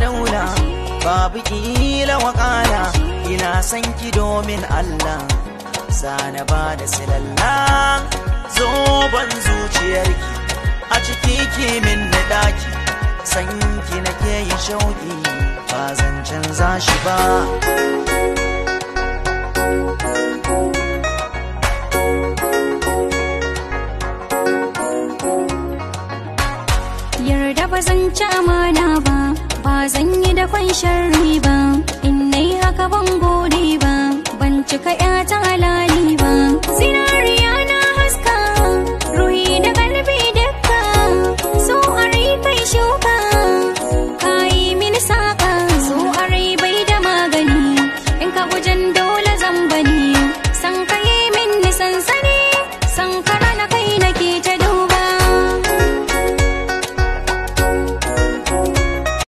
daula babu kila wakala ina san ki domin Allah sana ba da silalla zoban zuciyarki a ciki ki min na daki san ki nake yi shauki ba zan canza shi ba yarda ba zan ci amana ba sharri ba in nai haka bango gode ba ban cika 'ya ta halali ba